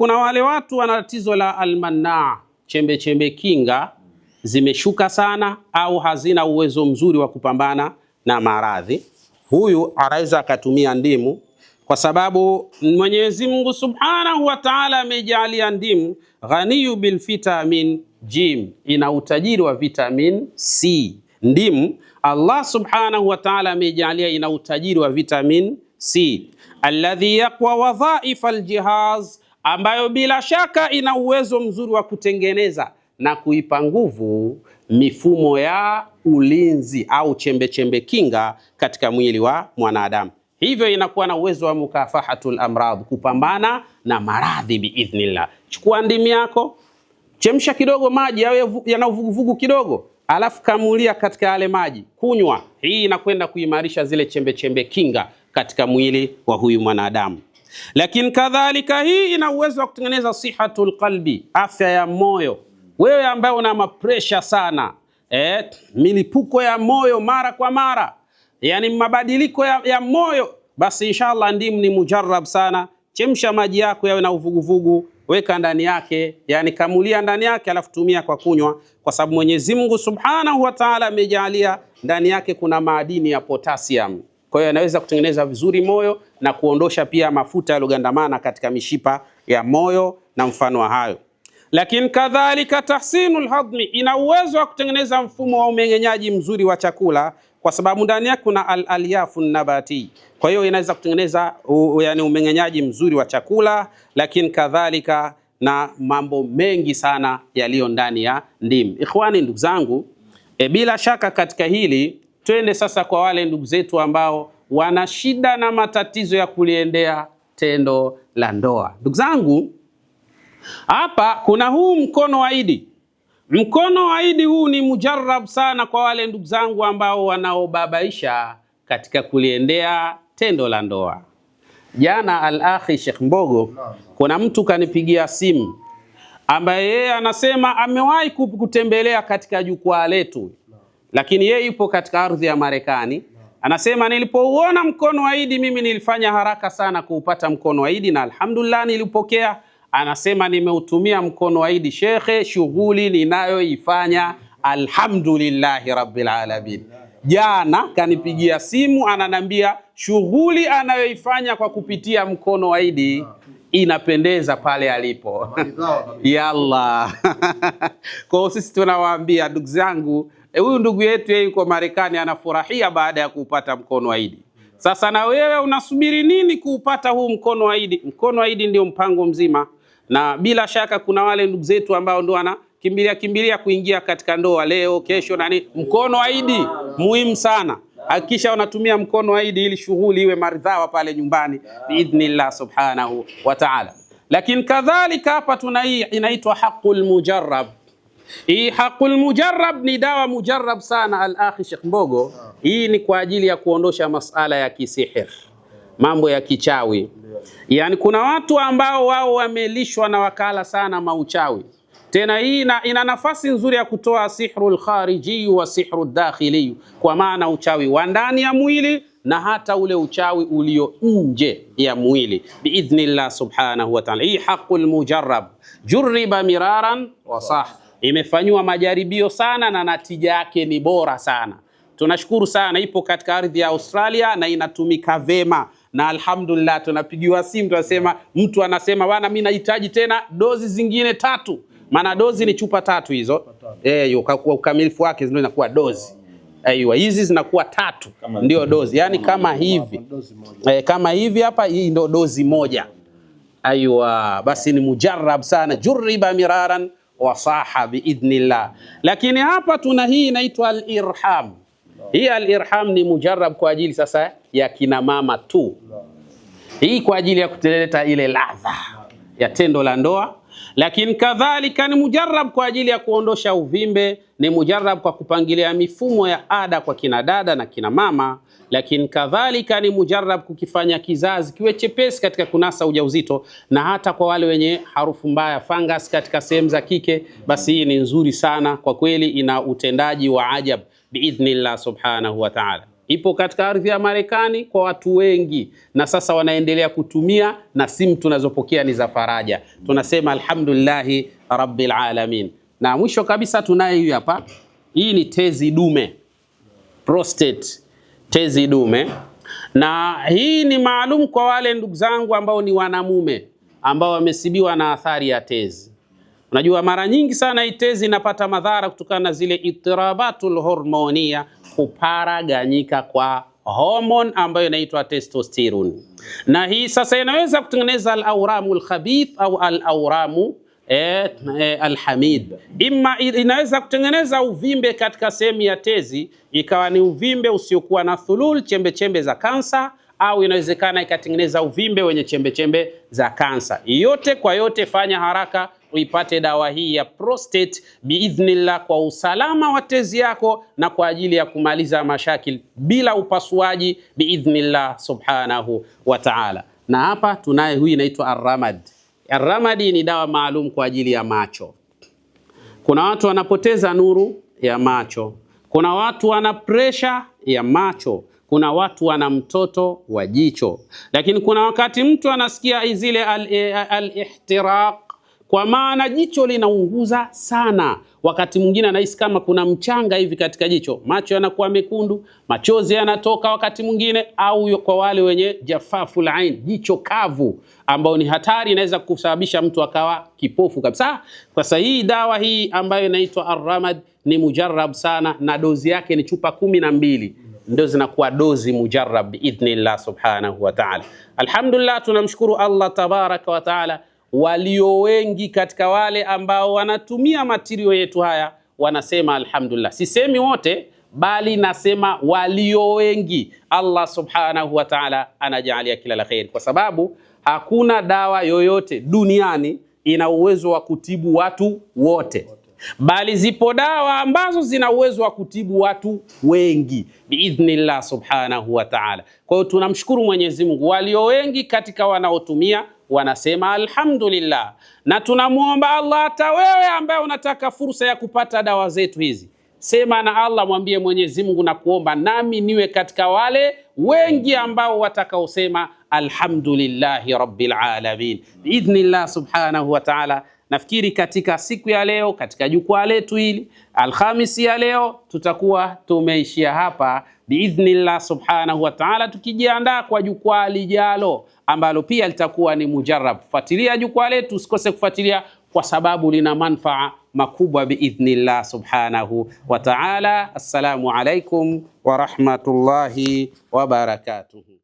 kuna wale watu wana tatizo la almanaa, chembe chembe kinga zimeshuka sana au hazina uwezo mzuri wa kupambana na maradhi. Huyu anaweza akatumia ndimu, kwa sababu Mwenyezi Mungu Subhanahu wa Ta'ala amejalia ndimu ghaniyu bil vitamin Jim, ina utajiri wa vitamin C. Ndimu Allah Subhanahu wa Ta'ala amejalia ina utajiri wa vitamin C alladhi yaqwa wadhaifa aljihaz ambayo bila shaka ina uwezo mzuri wa kutengeneza na kuipa nguvu mifumo ya ulinzi au chembe chembe kinga katika mwili wa mwanadamu. Hivyo inakuwa na uwezo wa mukafahatul amradh, kupambana na maradhi biidhnillah. Chukua ndimi yako, chemsha kidogo maji yawe yana uvuguvugu kidogo, alafu kamulia katika yale maji, kunywa. Hii inakwenda kuimarisha zile chembe chembe kinga katika mwili wa huyu mwanadamu. Lakini kadhalika hii ina uwezo wa kutengeneza sihatul qalbi, afya ya moyo. Wewe ambaye una mapresha sana eh, milipuko ya moyo mara kwa mara, yani mabadiliko ya, ya moyo, basi inshallah ndimu ni mujarab sana. Chemsha maji yako yawe na uvuguvugu, weka ndani yake, yani kamulia ndani yake, alafu tumia kwa kunywa, kwa sababu Mwenyezi Mungu Subhanahu wa Ta'ala amejalia ndani yake kuna madini ya potassium. Kwa hiyo yanaweza kutengeneza vizuri moyo na kuondosha pia mafuta yaliyogandamana katika mishipa ya moyo na mfano wa hayo. Lakini kadhalika tahsinul hadmi ina uwezo wa kutengeneza mfumo wa umeng'enyaji mzuri wa chakula kwa sababu ndani yake kuna al alyafun nabati. Kwa hiyo inaweza kutengeneza yani umeng'enyaji mzuri wa chakula, lakini kadhalika na mambo mengi sana yaliyo ndani ya ndimu. Ikhwani, ndugu zangu, e, bila shaka katika hili Twende sasa kwa wale ndugu zetu ambao wana shida na matatizo ya kuliendea tendo la ndoa. Ndugu zangu, hapa kuna huu mkono wa idi. Mkono wa idi huu ni mujarab sana kwa wale ndugu zangu ambao wanaobabaisha katika kuliendea tendo la ndoa. Jana al-akhi Sheikh Mbogo, kuna mtu kanipigia simu ambaye yeye anasema amewahi kutembelea katika jukwaa letu lakini yeye yupo katika ardhi ya Marekani. Anasema nilipouona mkono wa Idi mimi nilifanya haraka sana kuupata mkono wa Idi na alhamdulillah nilipokea. Anasema nimeutumia mkono wa Idi shekhe, shughuli ninayoifanya alhamdulillahi rabbil alamin. Jana kanipigia simu ananambia shughuli anayoifanya kwa kupitia mkono wa Idi inapendeza pale alipo. Yallah. Kwa hiyo sisi tunawaambia ndugu zangu E, huyu ndugu yetu yeye yuko Marekani anafurahia baada ya kuupata mkono wa Idi. Sasa na wewe unasubiri nini kuupata huu mkono wa Idi? Mkono wa Idi ndio mpango mzima, na bila shaka kuna wale ndugu zetu ambao ndio wana kimbilia kimbilia kuingia katika ndoa leo kesho nani. Mkono wa Idi muhimu sana, hakikisha unatumia mkono wa Idi ili shughuli iwe maridhawa pale nyumbani biidhnillah subhanahu wa ta'ala. Lakini kadhalika hapa tuna hii inaitwa haqul mujarrab hii haqul mujarrab ni dawa mujarrab sana, al akhi Sheikh Mbogo. Hii ni kwa ajili ya kuondosha masala ya kisihir, mambo ya kichawi. Yaani kuna watu ambao wao wamelishwa na wakala sana mauchawi. Tena hii ina nafasi nzuri ya kutoa sihru al-khariji wa sihru dakhili, kwa maana uchawi wa ndani ya mwili na hata ule uchawi ulio nje ya mwili biidhnillah subhanahu wa ta'ala. Hii haqul mujarrab jurriba miraran wa sah Imefanywa majaribio sana na natija yake ni bora sana. Tunashukuru sana, ipo katika ardhi ya Australia na inatumika vema na alhamdulillah, tunapigiwa simu tunasema, mtu anasema bwana, mimi nahitaji tena dozi zingine tatu, maana dozi ni chupa tatu hizo eh, ukamilifu wake ndio inakuwa dozi Aiwa, eh, hizi zinakuwa tatu ndio dozi yani kama hivi e, kama hivi hapa, hii ndio dozi moja. Aiwa, basi ni mujarab sana, juriba miraran wasaha biidhnillah. Lakini hapa tuna hii inaitwa alirham. Hii alirham ni mujarab kwa ajili sasa ya kina mama tu, hii kwa ajili ya kuteleta ile ladha ya tendo la ndoa lakini kadhalika ni mujarab kwa ajili ya kuondosha uvimbe, ni mujarab kwa kupangilia mifumo ya ada kwa kina dada na kina mama. Lakini kadhalika ni mujarab kukifanya kizazi kiwe chepesi katika kunasa ujauzito, na hata kwa wale wenye harufu mbaya, fungus katika sehemu za kike, basi hii ni nzuri sana kwa kweli, ina utendaji wa ajab biidhnillah subhanahu wa ta'ala ipo katika ardhi ya Marekani kwa watu wengi, na sasa wanaendelea kutumia na simu tunazopokea ni za faraja. Tunasema alhamdulillahi rabbil alamin. Na mwisho kabisa tunaye huyu hapa, hii ni tezi dume prostate, tezi dume, na hii ni maalum kwa wale ndugu zangu ambao ni wanamume ambao wamesibiwa na athari ya tezi. Unajua mara nyingi sana hii tezi inapata madhara kutokana na zile itirabatul hormonia kuparaganyika kwa homon ambayo inaitwa testosterone, na hii sasa inaweza kutengeneza al-auramu al-khabith au al-auramu eh, al eh, alhamid ima inaweza kutengeneza uvimbe katika sehemu ya tezi, ikawa ni uvimbe usiokuwa na thulul, chembe chembe za kansa, au inawezekana ikatengeneza uvimbe wenye chembe chembe za kansa. Yote kwa yote, fanya haraka uipate dawa hii ya prostate biidhnillah, kwa usalama wa tezi yako na kwa ajili ya kumaliza mashakil bila upasuaji biidhnillah subhanahu wa ta'ala. Na hapa tunaye huyu inaitwa Arramad. Arramadi ni dawa maalum kwa ajili ya macho. Kuna watu wanapoteza nuru ya macho, kuna watu wana presha ya macho kuna watu wana mtoto wa jicho, lakini kuna wakati mtu anasikia zile al-ihtiraq kwa maana jicho linaunguza sana. Wakati mwingine anahisi kama kuna mchanga hivi katika jicho, macho yanakuwa mekundu, machozi yanatoka wakati mwingine, au kwa wale wenye jafafu la ain, jicho kavu, ambao ni hatari, inaweza kusababisha mtu akawa kipofu kabisa. Sasa hii dawa hii ambayo inaitwa Arramad ni mujarab sana, na dozi yake ni chupa kumi na mbili ndio zinakuwa dozi mujarab biidhnillah subhanahu wa ta'ala. Alhamdulillah, tunamshukuru Allah tabaraka wa taala walio wengi katika wale ambao wanatumia matirio yetu haya wanasema alhamdulillah. Sisemi wote, bali nasema walio wengi. Allah subhanahu wa ta'ala anajalia kila la kheri, kwa sababu hakuna dawa yoyote duniani ina uwezo wa kutibu watu wote, bali zipo dawa ambazo zina uwezo wa kutibu watu wengi biidhnillah subhanahu wa ta'ala. Kwa hiyo tunamshukuru Mwenyezi Mungu, walio wengi katika wanaotumia wanasema alhamdulillah, na tunamwomba Allah. Hata wewe ambaye unataka fursa ya kupata dawa zetu hizi, sema na Allah, mwambie Mwenyezi Mungu na kuomba nami niwe katika wale wengi ambao watakaosema alhamdulillahi rabbil alamin biidhnillah subhanahu wa ta'ala. Nafikiri katika siku ya leo, katika jukwaa letu hili Alhamisi ya leo, tutakuwa tumeishia hapa biidhnillah subhanahu wa ta'ala, tukijiandaa kwa jukwaa lijalo ambalo pia litakuwa ni mujarab. Fuatilia jukwaa letu, usikose kufuatilia kwa sababu lina manfaa makubwa biidhnillah subhanahu wa ta'ala. Assalamu alaikum wa rahmatullahi wa barakatuhu.